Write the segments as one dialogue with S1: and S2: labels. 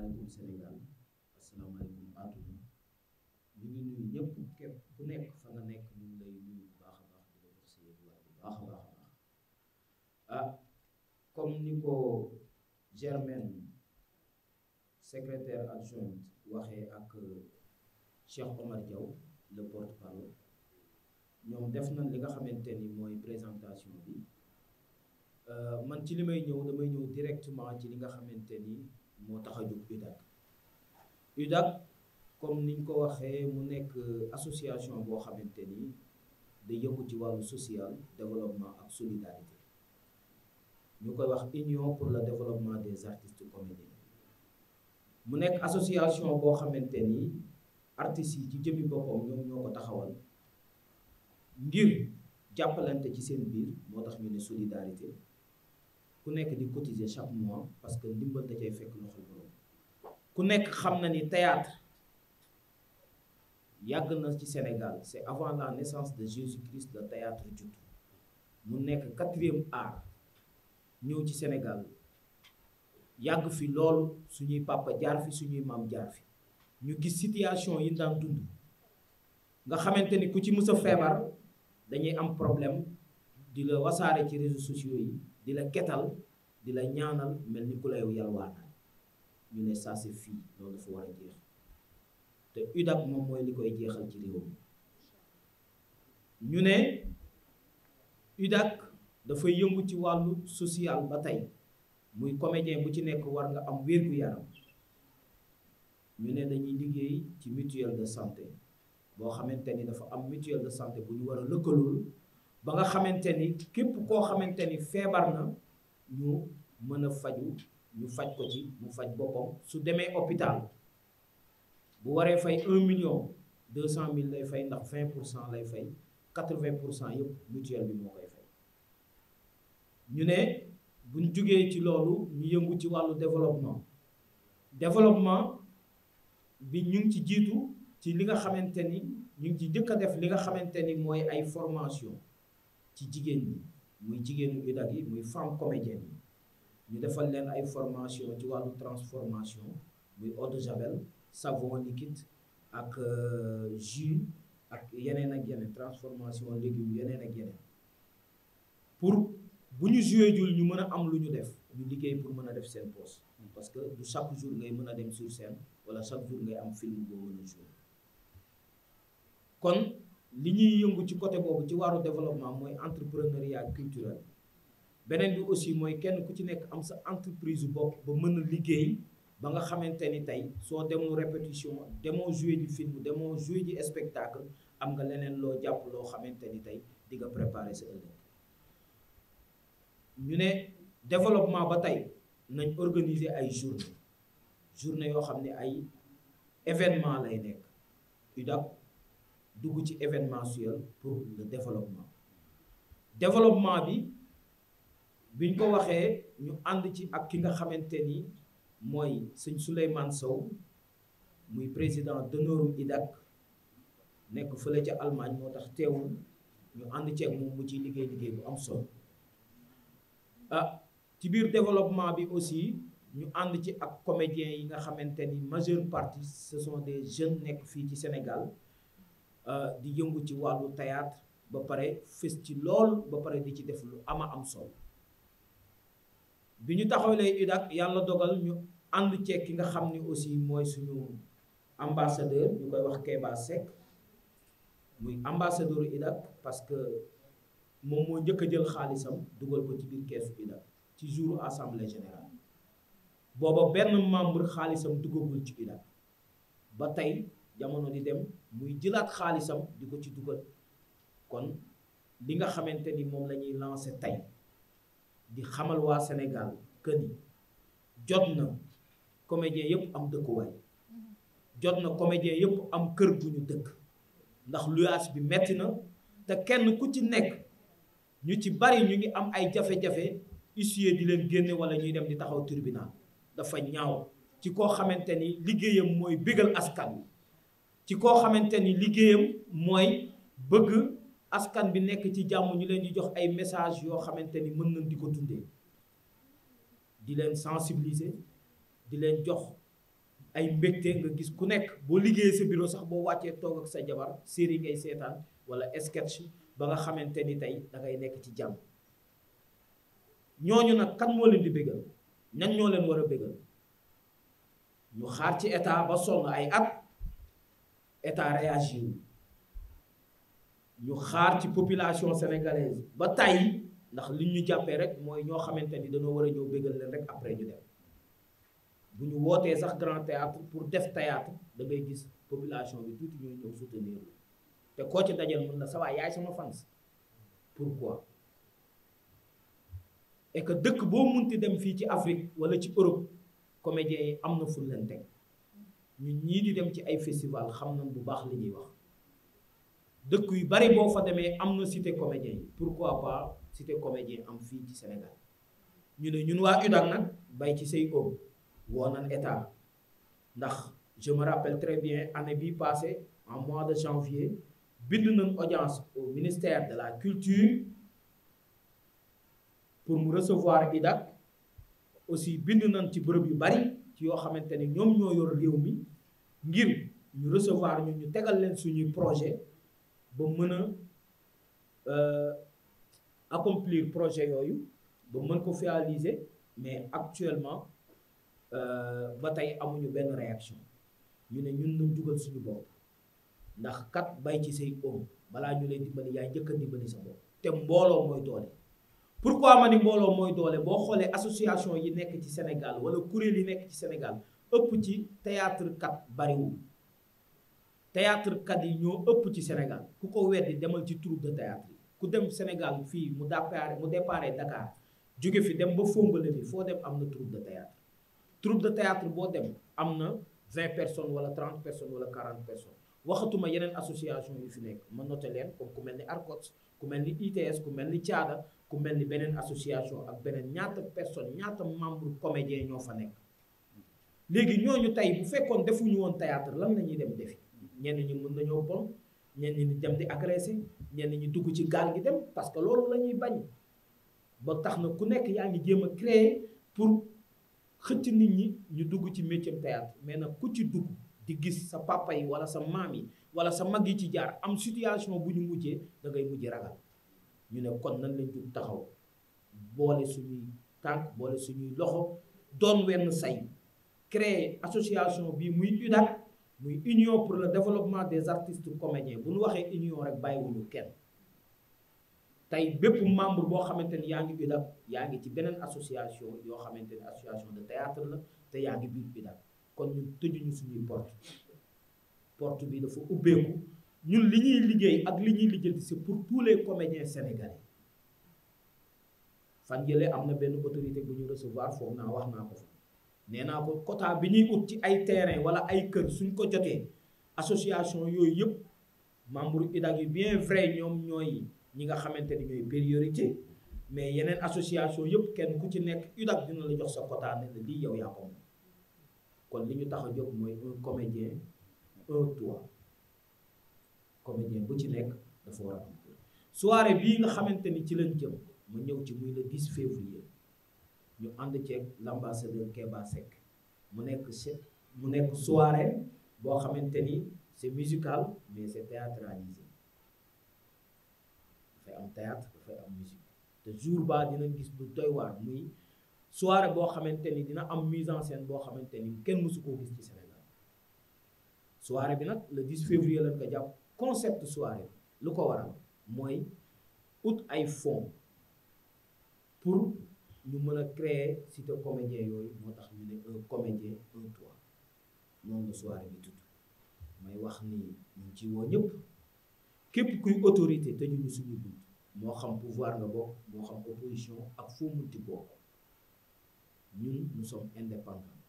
S1: asalaamaaleykum Sénégal asalaamaaleykum àdduna ñu ngi nuyu ñëpp képp ku nekk fa nga nekk ñu ngi lay nuyu baax a baax di la jox sa yënguwaay bu baax a baax a baax ah, comme ni ko Germaine secrétaire adjointe waxee ak euh, Cheikh Omar Diaw le porte-parole ñoom def na li nga xamante ni mooy présentation bi euh, man ci li may ñëw damay ñëw directement ci li nga xamante ni. moo tax a jóg UDAG UDAG comme niñ ko waxee mu nekk association boo xamante ni da yëngu ci wàllu social développement ak solidarité ñu koy wax union pour le développement des artistes comédiens mu nekk association boo xamante ni artistes yi ci jëmmi boppam ñoom ñoo ko taxawal ngir jàppalante ci seen biir moo tax ñu ne solidarité ku nekk di cotiser chaque mois parce que ndimbal da cay fekk loxo borom ku nekk xam na ni théâtre yàgg na ci Sénégal c'est avant la naissance de Jésus-Christ le théâtre judd mu nekk quatrième art ñëw ci Sénégal yàgg fi loolu suñuy papa jaar fi suñuy maam jaar fi ñu gis situation yi daan dund nga xamante ni ku ci mës feebar dañuy am problème di la wasaare ci réseaux sociaux yi di la ketal di ñaanal mel ni ku la yow ñu ne ça c'est fii loolu dafa war a jeex te UDAP moom mooy li koy jeexal ci réew ñu ne UDAP dafay yëngu ci wàllu social ba tey muy comédien bu ci nekk war nga am wér-gu-yaram ñu ne dañuy liggéey ci mutuelle de santé boo xamante ni dafa am mutuelle de santé bu ñu war a lëkkalul ba nga xamante ni képp koo xamante ni feebar na ñu mën a faju ñu faj ko ci mu faj boppam su demee hôpital bu waree fay un million deux cent mille lay fay ndax vingt pour cent lay fay quatre vingt pour cent yëpp mutuelle bi moo koy fay ñu ne buñ jugee ci loolu ñu yëngu ci wàllu développement développement bi ñu ngi ci jiitu ci li nga xamante ni ñu ngi ci jëkk a def li nga xamante ni mooy ay formation ci jigéen ñi muy jigéenu bidak yi muy femme comédienne yi ñu defal leen ay formation ci wàllu transformation muy eau de javel savon liquide ak euh, jus ak yeneen ak yeneen transformation légumes yeneen ak yeneen pour bu ñu joué jul ñu mën a am lu ñu def ñu liggéey pour mën a def seen poste parce que du chaque jour ngay mën a dem sur scène wala chaque jour ngay am film boo mën a kon li ñuy yëngu ci côté boobu ci wàllu développement mooy entrepreneuriat culturel beneen bi aussi mooy kenn ku ci nekk am sa entreprise bopp ba mën a liggéey ba nga xamante ni tey soo demoo répétition demoo jouer du film demoo jouer du spectacle am nga leneen loo jàpp loo xamante ni tey di nga préparer sa ëllëg ñu ne développement ba tey nañ organiser ay journée journée yoo xam ne ay événement lay nekk UDAP dugg ci événement événementiel pour le développement développement bi biñ ko waxee ñu ànd ci ak ki nga xamante ni mooy sëñ Souleymane Sow muy président d'honneur IDAC nekk fële ca Allemagne moo tax teewul ñu ànd ceeg moom mu ciy liggéey liggéey bu am solo ah ci biir développement bi aussi ñu ànd ci ak comédiens yi nga xamante ni majeure partie ce sont des jeunes nekk fii ci Sénégal Euh, di yëngu ci wàllu théâtre ba pare fës ci lool ba pare di ci def lu ama am solo bi ñu taxawalee UDAC yàlla dogal ñu ànd ceeg ki nga xam ni aussi mooy suñu ambassadeur ñu koy wax Keba Seck muy ambassadeur UDAC parce que moom moo njëkk a jël xaalisam dugal ko ci biir keesu UDAC ci jour assemblée générale booba benn membre xaalisam duggagul ci UDAC ba tey jamono di dem muy jëlaat xaalisam di ko ci dugal kon li nga xamante ni moom lañuy ñuy lancé tey di xamal waa Sénégal que ni jot na comédien yëpp am dëkkuwaay jot na comédien yëpp am kër gu ñu dëkk ndax luyaas bi metti na te kenn ku ci nekk ñu ci bari ñu ngi am ay jafe-jafe huissier di leen génne walla ñuy dem di taxaw tribunal dafa ñaaw ci koo xamante ni liggéeyam mooy bégal askan wi ci koo xamante ni liggéeyam mooy bëgg askan bi nekk ci jàmm ñu leen di jox ay message yoo xamante ni mën nañ di ko dundee di leen sensibiliser di leen jox ay mbégte nga gis ku nekk boo liggéeyee sa bureau sax boo wàccee toog ak sa jabar série ngay seetaan wala sketch ba nga xamante ni tey dangay nekk ci jàmm ñooñu nag kan moo leen di bégal ñan ñoo leen war a bégal ñu xaar ci état ba sonn ay at état réagir ñu xaar ci population sénégalaise ba tàyyi ndax li ñu jàppee rek mooy ñoo xamante ni dañoo war a ñëw bégal leen rek après ñu dem bu ñu wootee sax grand théâtre pour def théâtre da gis population bi tuuti ñooy ñëw soutenir la te koo ci dajal mën na sa waay yaay sama fans pourquoi et que dëkk boo munti dem fii ci Afrique wala ci Europe comédiens yi am na fuñ leen teg ñu ñii di dem ci ay festival xam nañ bu baax li ñuy wax dëkk yu bari boo fa demee am na cité comédien yi pourquoi pas cité comédien am fii ci Sénégal ñu ne ñun waa UDAG nag bay ci say oom woo nañ état ndax je me rappelle très bien année bii passée en mois de janvier bind nañ audience au ministère de la culture pour mu recevoir UDAG aussi bind nañ ci bërëb yu bari ci yoo xamante ni ñoom ñoo yor réew mi ngir ñu recevoir ñu ñu tegal leen suñuy projet ba mën a euh, accomplir projet yooyu ba mën ko finaliser mais actuellement euh, ba tey amuñu benn réaction ñu ne ñun nañ jugal suñu bopp ndax kat bay ci say oom balaa ñu lay dimbali yaay njëkk a dimbali sa bopp te mbooloo mooy doole pourquoi ma ni mbooloo mooy doole boo xoolee association yi nekk ci Sénégal wala kuréel yi nekk ci Sénégal ëpp ci théâtre kat bariwul théâtre kat yi ñoo ëpp ci Sénégal ku ko weddi demal ci troupe de théâtre yi ku dem Sénégal fii mu départ mu départ Dakar jóge fi dem ba Fongolé bi foo dem am na troupe de théâtre troupe de théâtre boo dem am na vingt personnes wala trente personnes wala quarante personnes waxatuma yeneen association yi fi nekk ma noté leen comme ku mel ni ARCOT ku mel ni ITS ku mel ni Thiada ku mel ni beneen association ak beneen ñaata personne ñaata membre comédien ñoo fa nekk léegi ñooñu tey bu fekkoon defuñu woon théâtre lan la ñuy dem defi ñenn ñi mën nañoo bon ñenn ñi dem di agressé ñenn ñi dugg ci gaal gi dem parce que loolu la ñuy bañ ba tax na ku nekk yaa ngi jéem a créer pour xëcc nit ñi ñu dugg ci métier théâtre mais nag ku ci dugg di gis sa papa yi wala sa maam yi wala sa mag yi ci jaar am situation bu ñu mujjee da ngay mujj ragal ñu ne kon nañ lañ jug taxaw boole suñuy tànk boole suñuy loxo doon wenn say créer association bi muy UDAC muy union pour le développement des artistes comédiens bu ñu waxee union rek bàyyiwuñu kenn tey bépp membre boo xamante ni yaa ngi UDAC yaa ngi ci beneen association yoo xamante ni association de théâtre la te yaa ngi biir UDAC kon ñu tëjuñu suñuy porte porte bi dafa ubbeeku ñun li ñuy liggéey ak li ñuy lijjanti si pour tous les comédiens sénégalais fan jëlee am na benn autorité bu ñu recevoir foog naa wax naa ko fa nee naa ko quota bi ñuy ut ci ay terrain wala ay kër suñ ko jotee association yooyu yëpp membre UDAG yi bien vrai ñoom ñooy ñi nga xamante ni ñooy priorité mais yeneen association yëpp kenn ku ci nekk UDAG dina la jox sa quota ne la lii kon li ñu tax a jóg mooy un comédien un bu ci nekk dafa war a am soirée bii nga xamante ni ci lañ jëm ma ñëw ci muy le 10 février ñu ànd ceeg l'ambassadeur Keba Seck mu nekk chef mu nekk soirée boo xamante ni c'est musical mais c'est théâtralisé dafay am théâtre dafay am musique te jour ba dina gis lu doy waar muy soirée boo xamante ni dina am mise en scène boo xamante ni kenn mësu koo gis ci Sénégal soirée bi nag le 10 février lañ ko jàpp concept soirée lu ko waral mooy ut ay fonds pour ñu mën a créer cité comédien yooyu moo tax ñu ne un comédien un toit noonu la soirée bi tudd may wax ni ñu ngi ci woo ñëpp képp kuy autorité te ñu suñu bunt moo xam pouvoir nga bokk moo xam opposition ak foo munti bokk ñun nous sommes indépendants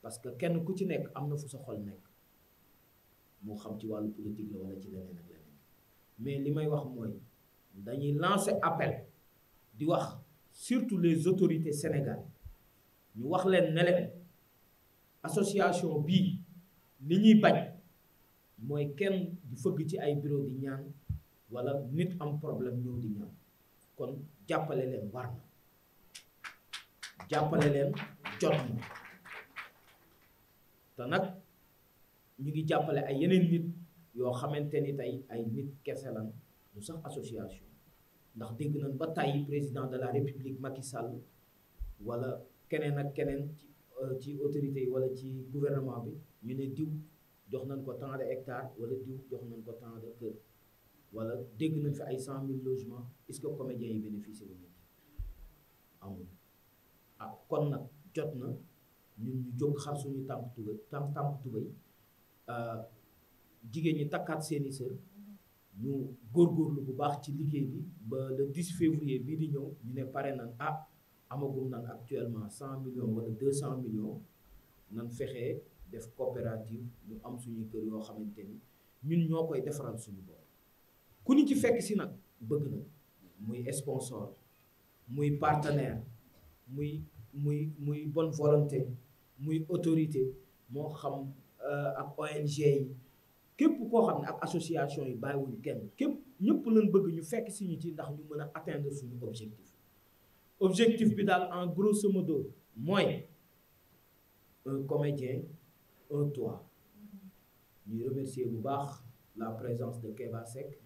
S1: parce que kenn ku ci nekk am na fu sa xol nekk moo xam ci wàllu politique la wala ci leneen ak leneen mais li may wax mooy dañuy lancer appel di wax surtout les autorités sénégalaises ñu wax leen ne association bii li ñuy bañ mooy kenn di fëgg ci ay bureau di ñaan walla nit am problème ñëw di ñaan kon jàppale leen war na jàppale leen jot na te nag ñu ngi jàppale ay yeneen nit yoo xamante ni tey ay nit kese lan sax association ndax dégg nañ ba tàyyi président de la république Macky Sall wala keneen ak keneen euh, ci autorité yi wala ci gouvernement bi ñu ne diw jox nañ ko tant de hectares wala diw jox nañ ko temps de kër wala dégg nañ fi ay cent mille logements est-ce que comédiens yi bénéficié wu nañ amul ah kon nag jot na ñun ñu jóg xar suñu temps tubay tànk tubay euh, jigéen ñi takkaat seeni sër ñu góorgóorlu bu baax ci liggéey bi ba le 10 février bii di ñëw ñu ne pare nan ah amagum nan actuellement 100 millions wala 200 millions nan fexe def coopérative ñu am suñuy kër yoo xamante ni ñun ñoo koy defaral suñu bopp ku ñu ci fekk si nag bëgg na muy sponsor muy partenaire muy muy muy bonne volonté muy autorité moo xam euh, ak ONG yi képp koo xam ne ak association yi bàyyiwuñ kenn képp ñëpp lañ bëgg ñu fekk si ñu ci ndax ñu mën a atteindre suñu objectif objectif bi daal en grosso modo mooy un comédien un toit ñuy remercier bu baax la présence de Keba Seck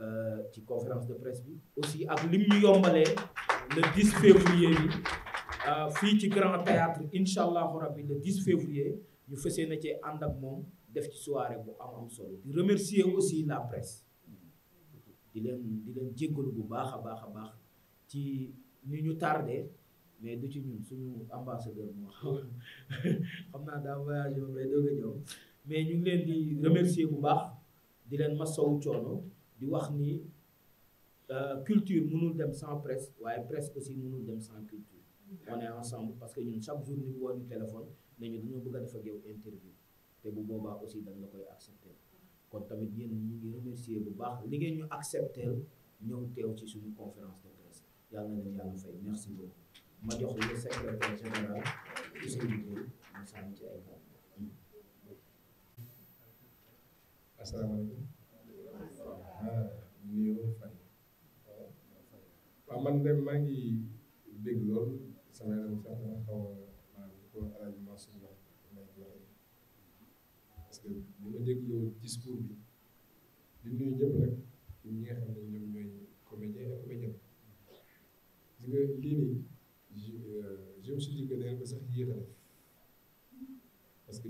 S1: euh, ci conférence de presse bi aussi ak lim ñu yombalee le 10 février bi euh, fii ci grand théâtre incha allahu rabbi le 10 février ñu fësee na cee ànd ak moom def ci soirée bu am am solo di remercier aussi la presse di leen di leen jéggalu bu baax a baax a baax ci ni ñu tardé mais du ci ñun suñu ambassadeur moo xam naa daa voyagé ba pare doog a ñëw mais ñu ngi leen di remercier bu baax di leen masawu coono di wax ni euh, culture mënul dem sans presse waaye presse aussi mënul dem sans culture on est ensemble parce que ñun chaque jour ni mu woon téléphone ne ñu dañoo bëgg a interview te bu boobaa aussi dañ la koy accepter kon tamit yéen ñi ngi remercier bu baax li ngeen ñu accepter ñëw teew ci suñu conférence de presse yàlla na yàlla fay merci ma jox le secrétaire général
S2: Ousseynou Diop ma sànni ci ay kàddu. asalaamaaleykum. Ah, ah, waaw man de maa ngi dégg lool sama yaram sax dama xaw ma dégloo discours di nuyu ñëpp nag ñi nga xam ne ñoom euh, que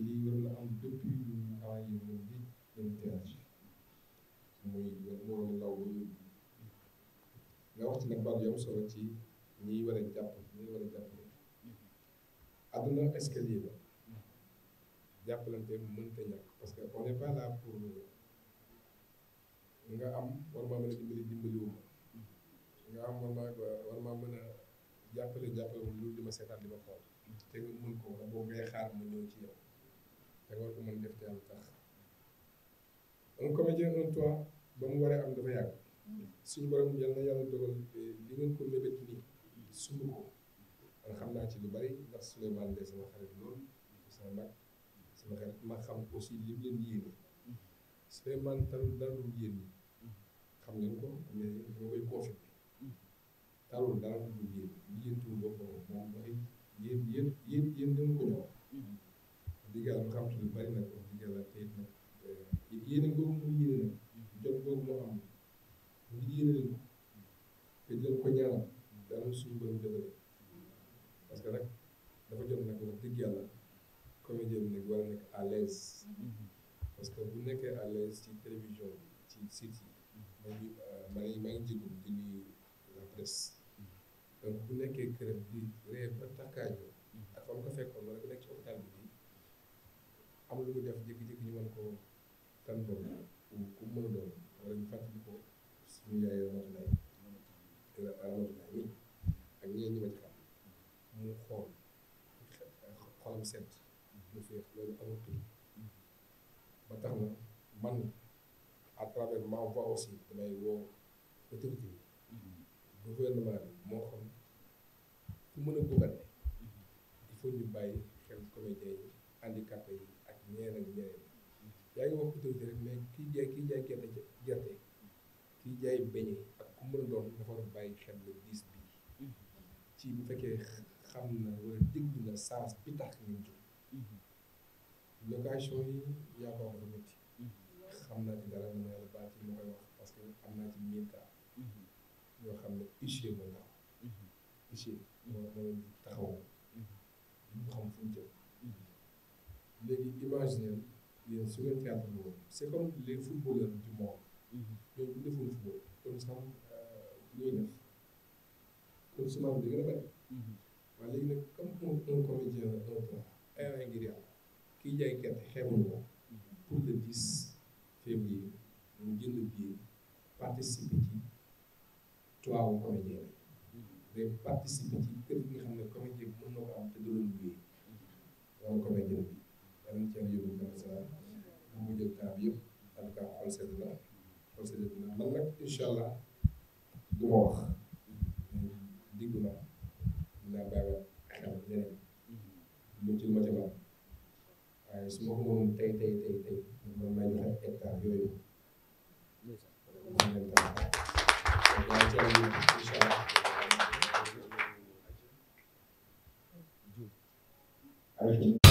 S2: lii waroon na am depuis ci nag solo ci ñiy war a jàpp ñiy war a jàppale mm-hmm. àdduna escalier la mm-hmm. jàppalante mënta ñàkk parce que on n'est pas là nga am war maa a am war maa war maa mën a jàppale jàppale moom loolu di ma seetaan di ma xool te nga mun ko wala boo ngay xaar mu ñëw ci yow te nga war ko mën def te yàlla tax
S1: un comédien un toit ba mu waree am dafa
S2: yàgg suñu borom yal na yàlla dogal eh, li ngeen ko mébét nii sumb ko man xam naa ci lu bari ndax Souleymane de sama xarit loolu sama mag ma ma xam aussi li mu leen yéene Souleymane talul dara lu yéene xam ngeen ko mais dama koy confirmer talul dara lu yéene li yéen tuur boppam moom mooy yéen yéen yéen yéen dañu ko ñor. wax dëgg yàlla ma xam te lu bari nag wax dëgg yàlla tey nag eh, yéen a ngi sites yi maa ngi maa ngi maa ngi la presse donc bu nekkee këram di ree ba takkaajoo ak fa mu ko fekkoon wala bu nekk ci hôpital bi nii am ku mën a doon ko suñu yaay Ramatoulaye Ramatoulaye ak ñeen ñi ma mu xool xolam set mu féex loolu amul prix ba tax na man travers ma voix aussi damay woo autorité bi gouvernement bi moo xam ku mën a gouverner il faut ñu bàyyi xel comédien yi handicapé yi ak ñeneen ak ñeneen yaa ngi wax autorité rek mais kii jaay kii jaay gerte gerte kii jaay beñe ak ku mën a doon dafa war bàyyi xel le bis bii ci bu fekkee xam na wala déglu na sens bi tax ñu jóg location yi yaa ko wax lu métti xam naa ci dara ñu ne la baal ci ma koy wax parce que am naa ci mille cas mhm. yoo xam ne huissier moo tax mhm. huissier moo moo taxaw mhm. ñu xam fu ñu léegi imaginer yéen su ngeen théâtre bi woon comme les footballeurs du monde ñoom bu defoon football kon sax euh, ñooy def kon semence bi da ngeen a bëri laa du ma wax diggu naa dinaa bàyyiwaat xel leneen lu ci lu ma ci man waaye su ma ko mënoon tey tey tey tey man may joxe hectare yooyu